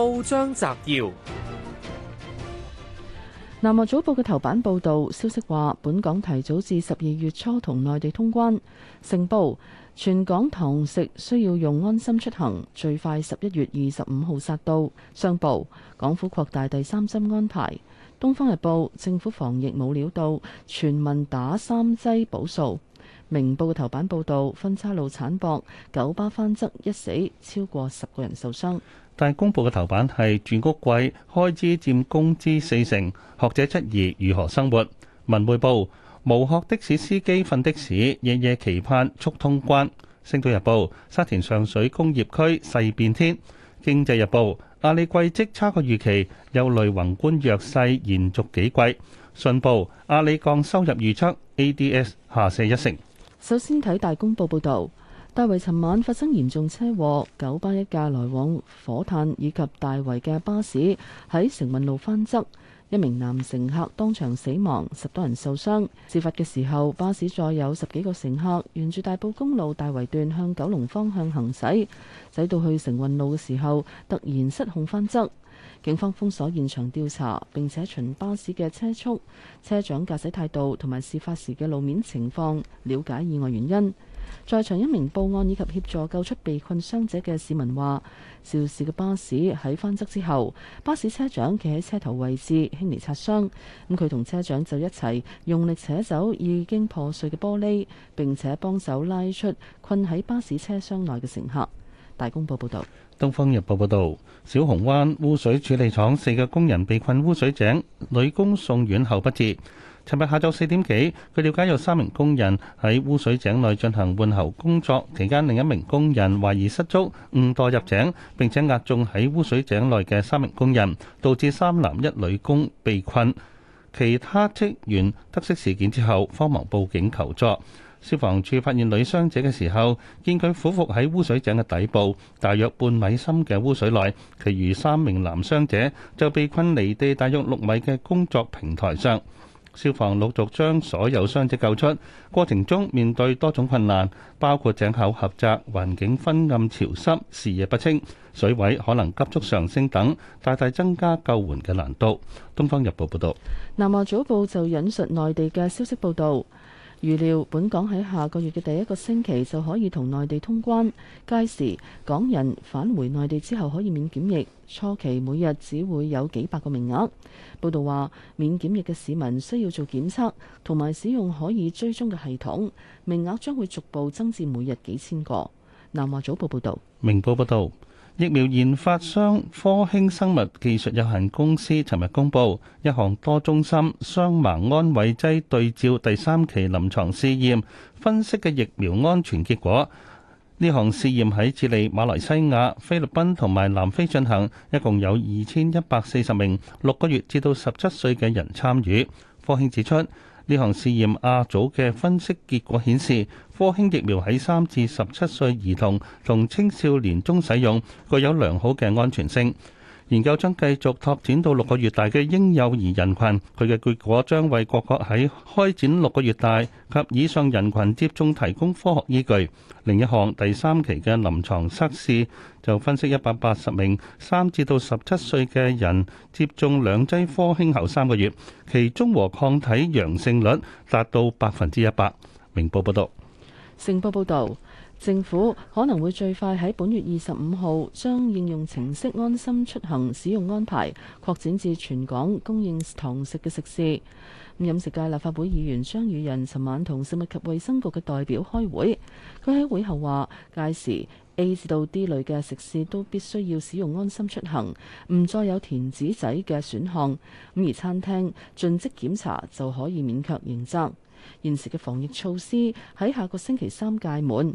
報章摘要：南華早報嘅頭版報道，消息話本港提早至十二月初同內地通關。成報，全港堂食需要用安心出行，最快十一月二十五號殺到。商報，港府擴大第三針安排。東方日報，政府防疫冇料到，全民打三劑補數。明報嘅頭版報道，分叉路慘薄，九巴翻側一死，超過十個人受傷。大公報嘅頭版係住屋貴，開支佔工資四成，學者質疑如何生活。文匯報，無學的士司機瞓的士，夜夜期盼速通關。星島日報，沙田上水工業區勢變天。經濟日報，阿里季績差過預期，憂慮宏觀弱勢延續幾季。信報，阿里降收入預測，ADS 下瀉一成。首先睇大公報報導。大圍尋晚發生嚴重車禍，九巴一架來往火炭以及大圍嘅巴士喺成運路翻側，一名男乘客當場死亡，十多人受傷。事發嘅時候，巴士載有十幾個乘客，沿住大埔公路大圍段向九龍方向行駛，駛到去成運路嘅時候，突然失控翻側。警方封鎖現場調查，並且循巴士嘅車速、車長駕駛態度同埋事發時嘅路面情況，了解意外原因。在場一名報案以及協助救出被困傷者嘅市民話：肇事嘅巴士喺翻側之後，巴士車長企喺車頭位置輕微擦傷，咁佢同車長就一齊用力扯走已經破碎嘅玻璃，並且幫手拉出困喺巴士車廂內嘅乘客。大公報報道。《東方日報》報導，小紅灣污水處理廠四個工人被困污水井，女工送院後不治。尋日下晝四點幾，據了解有三名工人喺污水井內進行換喉工作，期間另一名工人懷疑失足誤墮入井，並且壓中喺污水井內嘅三名工人，導致三男一女工被困。其他職員得悉事件之後，慌忙報警求助。消防處發現女傷者嘅時候，見佢俯伏喺污水井嘅底部，大約半米深嘅污水內。其餘三名男傷者就被困離地大約六米嘅工作平台上。消防陸續將所有傷者救出，過程中面對多種困難，包括井口狹窄、環境昏暗潮濕、視野不清、水位可能急速上升等，大大增加救援嘅難度。《東方日報》報道。《南華早報》就引述內地嘅消息報道。預料本港喺下個月嘅第一個星期就可以同內地通關，屆時港人返回內地之後可以免檢疫，初期每日只會有幾百個名額。報道話，免檢疫嘅市民需要做檢測同埋使用可以追蹤嘅系統，名額將會逐步增至每日幾千個。南華早報報道。明報報導。疫苗研發商科興生物技術有限公司尋日公布，一項多中心雙盲安慰劑對照第三期臨床試驗分析嘅疫苗安全結果。呢項試驗喺智利、馬來西亞、菲律賓同埋南非進行，一共有二千一百四十名六個月至到十七歲嘅人參與。科興指出。呢項試驗亞組嘅分析結果顯示，科興疫苗喺三至十七歲兒童同青少年中使用，具有良好嘅安全性。研究將繼續拓展到六個月大嘅嬰幼兒人群，佢嘅結果將為各國喺開展六個月大及以上人群接種提供科學依據。另一項第三期嘅臨床測試就分析一百八十名三至到十七歲嘅人接種兩劑科興後三個月，其中和抗體陽性率達到百分之一百。明報報道。成報報導。政府可能會最快喺本月二十五號將應用程式安心出行使用安排擴展至全港供應堂食嘅食肆。咁飲食界立法會議員張宇人尋晚同食物及衛生局嘅代表開會，佢喺會後話：屆時 A 至到 D 類嘅食肆都必須要使用安心出行，唔再有填紙仔嘅選項。咁而餐廳盡職檢查就可以勉強認責。現時嘅防疫措施喺下個星期三屆滿。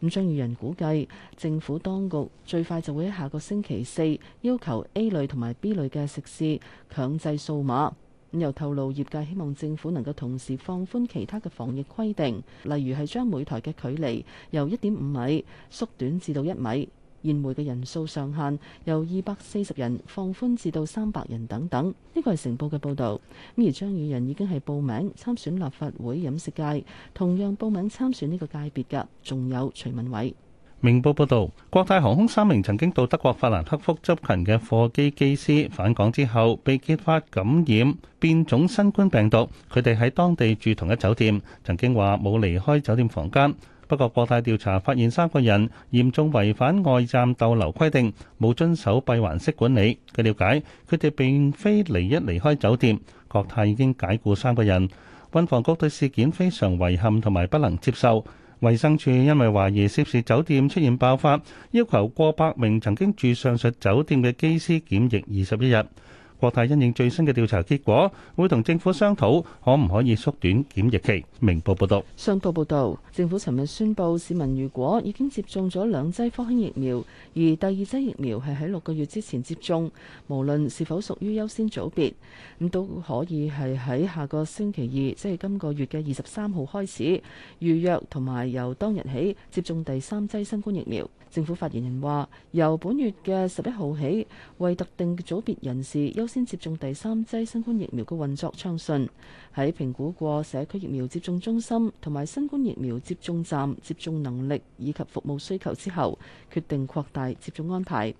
咁張宇人估計，政府當局最快就會喺下個星期四要求 A 類同埋 B 類嘅食肆強制掃碼。又透露業界希望政府能夠同時放寬其他嘅防疫規定，例如係將每台嘅距離由一點五米縮短至到一米。宴會嘅人數上限由二百四十人放寬至到三百人等等，呢個係成報嘅報導。咁而張宇人已經係報名參選立法會飲食界，同樣報名參選呢個界別嘅，仲有徐文偉。明報報導，國泰航空三名曾經到德國法蘭克福執勤嘅貨機機師返港之後，被揭發感染變種新冠病毒，佢哋喺當地住同一酒店，曾經話冇離開酒店房間。不過，國泰調查發現三個人嚴重違反外站逗留規定，冇遵守閉環式管理。據了解，佢哋並非離一離開酒店，國泰已經解雇三個人。運房局對事件非常遺憾同埋不能接受，衛生署因為懷疑涉事酒店出現爆發，要求過百名曾經住上述酒店嘅機師檢疫二十一日。國泰因應最新嘅調查結果，會同政府商討可唔可以縮短檢疫期。明報報道，商報報道，政府尋日宣布，市民如果已經接種咗兩劑科興疫苗，而第二劑疫苗係喺六個月之前接種，無論是否屬於優先組別，咁都可以係喺下個星期二，即係今個月嘅二十三號開始預約，同埋由當日起接種第三劑新冠疫苗。政府發言人話：由本月嘅十一號起，為特定組別人士優先接種第三劑新冠疫苗嘅運作暢順。喺評估過社區疫苗接種中心同埋新冠疫苗接種站接種能力以及服務需求之後，決定擴大接種安排。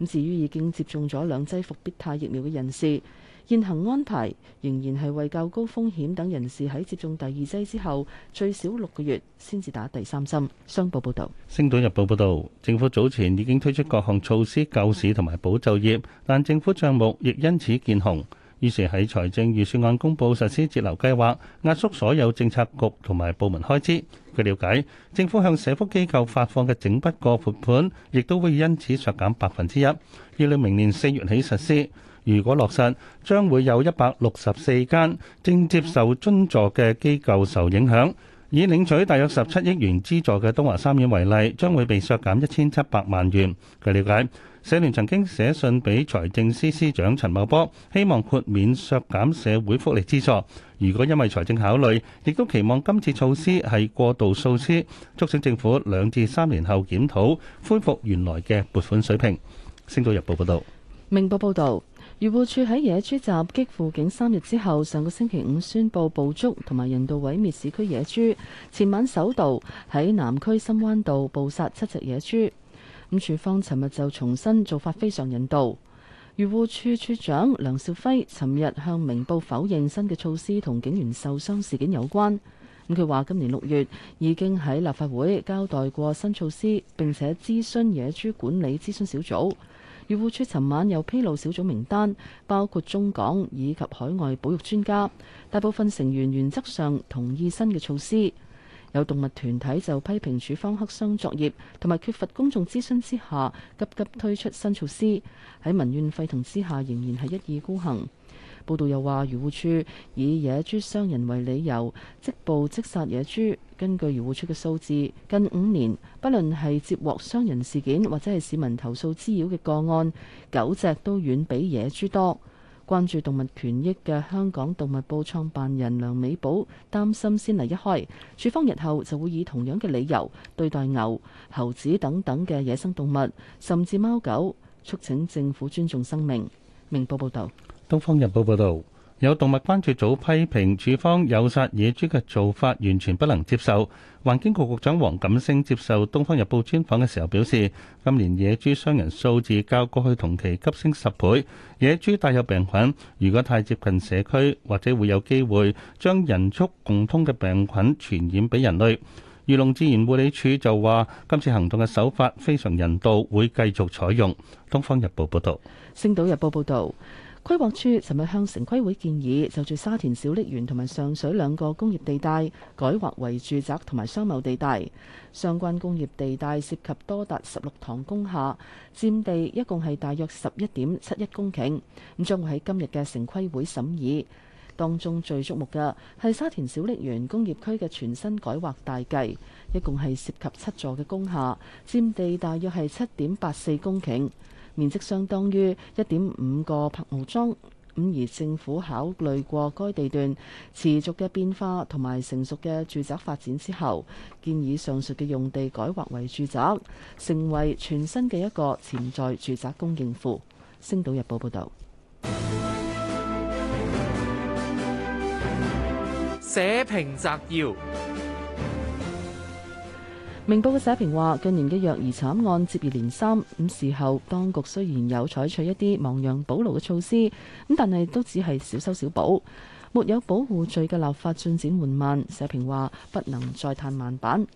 咁至於已經接種咗兩劑復必泰疫苗嘅人士，現行安排仍然係為較高風險等人士喺接種第二劑之後最少六個月先至打第三針。商報報導，《星島日報》報導，政府早前已經推出各項措施救市同埋保就業，但政府帳目亦因此見紅，於是喺財政預算案公佈實施節流計劃，壓縮所有政策局同埋部門開支。據瞭解，政府向社福機構發放嘅整筆過撥款，亦都會因此削減百分之一，要到明年四月起實施。如果落實，將會有一百六十四間正接受津助嘅機構受影響。以領取大約十七億元資助嘅東華三院為例，將會被削減一千七百萬元。據了解，社聯曾經寫信俾財政司司長陳茂波，希望豁免削減社會福利資助。如果因為財政考慮，亦都期望今次措施係過渡措施，促請政府兩至三年後檢討，恢復原來嘅撥款水平。星島日報報道，明報報道。漁護署喺野豬襲擊輔警三日之後，上個星期五宣布，捕捉同埋人道毀滅市區野豬。前晚首度喺南區深灣道捕殺七隻野豬。咁署方尋日就重新做法非常人道。漁護署署長梁兆輝尋日向明報否認新嘅措施同警員受傷事件有關。咁佢話今年六月已經喺立法會交代過新措施，並且諮詢野豬管理諮詢小組。漁護署尋晚有披露小組名單，包括中港以及海外保育專家，大部分成員原則上同意新嘅措施。有動物團體就批評處方黑箱作業，同埋缺乏公眾諮詢之下，急急推出新措施。喺民怨沸騰之下，仍然係一意孤行。報道又話，漁護處以野豬傷人為理由，即捕即殺野豬。根據漁護處嘅數字，近五年不論係接獲傷人事件或者係市民投訴滋擾嘅個案，狗隻都遠比野豬多。關注動物權益嘅香港動物報創辦人梁美寶擔心，先例一開，處方日後就會以同樣嘅理由對待牛、猴子等等嘅野生動物，甚至貓狗，促請政府尊重生命。明報報導。《東方日報》報道，有動物關注組批評處方誘殺野豬嘅做法完全不能接受。環境局局長黃錦星接受《東方日報》專訪嘅時候表示，今年野豬傷人數字較過去同期急升十倍，野豬帶有病菌，如果太接近社區，或者會有機會將人畜共通嘅病菌傳染俾人類。漁農自然護理署就話，今次行動嘅手法非常人道，會繼續採用。《東方日報》報道。《星島日報》報導。規劃處尋日向城規會建議，就住沙田小瀝源同埋上水兩個工業地帶改劃為住宅同埋商貿地帶。相關工業地帶涉及多達十六幢工廈，佔地一共係大約十一點七一公頃。咁將會喺今日嘅城規會審議。當中最矚目嘅係沙田小瀝源工業區嘅全新改劃大計，一共係涉及七座嘅工廈，佔地大約係七點八四公頃。面積相當於一點五個柏豪莊，咁而政府考慮過該地段持續嘅變化同埋成熟嘅住宅發展之後，建議上述嘅用地改劃為住宅，成為全新嘅一個潛在住宅供應庫。星島日報報導。社評摘要。明報嘅社評話：近年嘅虐兒慘案接二連三，咁事後當局雖然有採取一啲亡羊補牢嘅措施，咁但係都只係小修小補，沒有保護罪嘅立法進展緩慢。社評話不能再嘆慢板。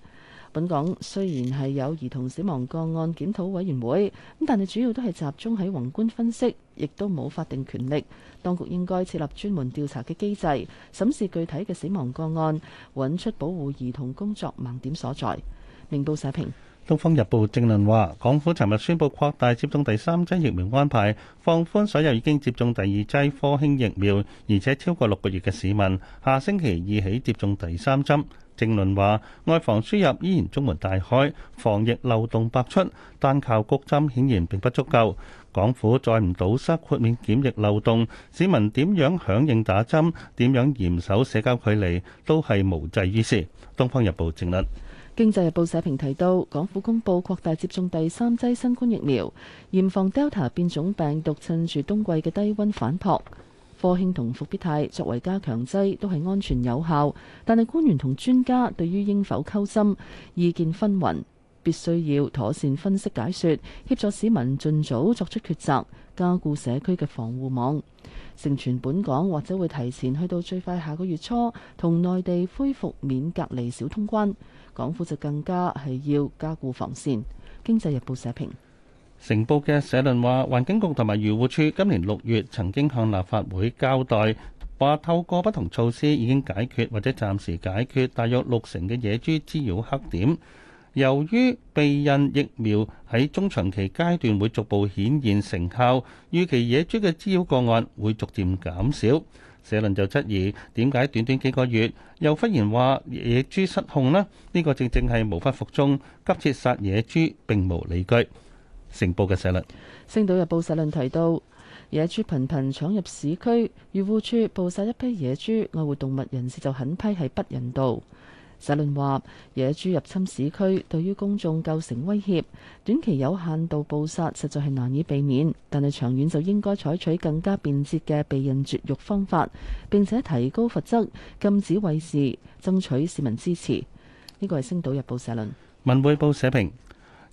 本港雖然係有兒童死亡個案檢討委員會，咁但係主要都係集中喺宏觀分析，亦都冇法定權力。當局應該設立專門調查嘅機制，審視具體嘅死亡個案，揾出保護兒童工作盲點所在。另報社評：《東方日報》正論話，港府尋日宣布擴大接種第三劑疫苗安排，放寬所有已經接種第二劑科興疫苗而且超過六個月嘅市民，下星期二起接種第三針。正論話，外防輸入依然中門大開，防疫漏洞百出，單靠谷針顯然並不足夠。港府再唔堵塞豁免檢疫漏洞，市民點樣響應打針，點樣嚴守社交距離，都係無濟於事。《東方日報》正論。經濟日報社評提到，港府公布擴大接種第三劑新冠疫苗，嚴防 Delta 變種病毒趁住冬季嘅低溫反撲。科興同伏必泰作為加強劑都係安全有效，但係官員同專家對於應否溝心意見紛雲。必須要妥善分析解説，協助市民盡早作出抉擇，加固社區嘅防護網，成全本港或者會提前去到最快下個月初同內地恢復免隔離小通關。港府就更加係要加固防線。經濟日報社評，成報嘅社論話，環境局同埋漁護署今年六月曾經向立法會交代，話透過不同措施已經解決或者暫時解決大約六成嘅野豬滋擾黑點。由於避孕疫苗喺中長期階段會逐步顯現成效，預期野豬嘅滋擾個案會逐漸減少。社論就質疑點解短短幾個月又忽然話野豬失控呢？呢個正正係無法服眾，急切殺野豬並無理據。成報嘅社論，《星島日報》社論提到野豬頻頻闖入市區，漁護處捕殺一批野豬，愛護動物人士就狠批係不人道。社論話野豬入侵市區對於公眾構成威脅，短期有限度捕殺實在係難以避免，但係長遠就應該採取更加便捷嘅避孕絕育方法，並且提高罰則，禁止餵飼，爭取市民支持。呢個係《星島日報》社論，《文匯報》社評。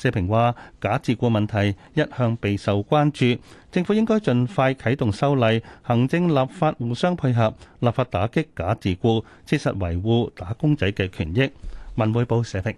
社評話：假自雇問題一向備受關注，政府應該盡快啟動修例，行政立法互相配合，立法打擊假自雇，切實維護打工仔嘅權益。文匯報社評。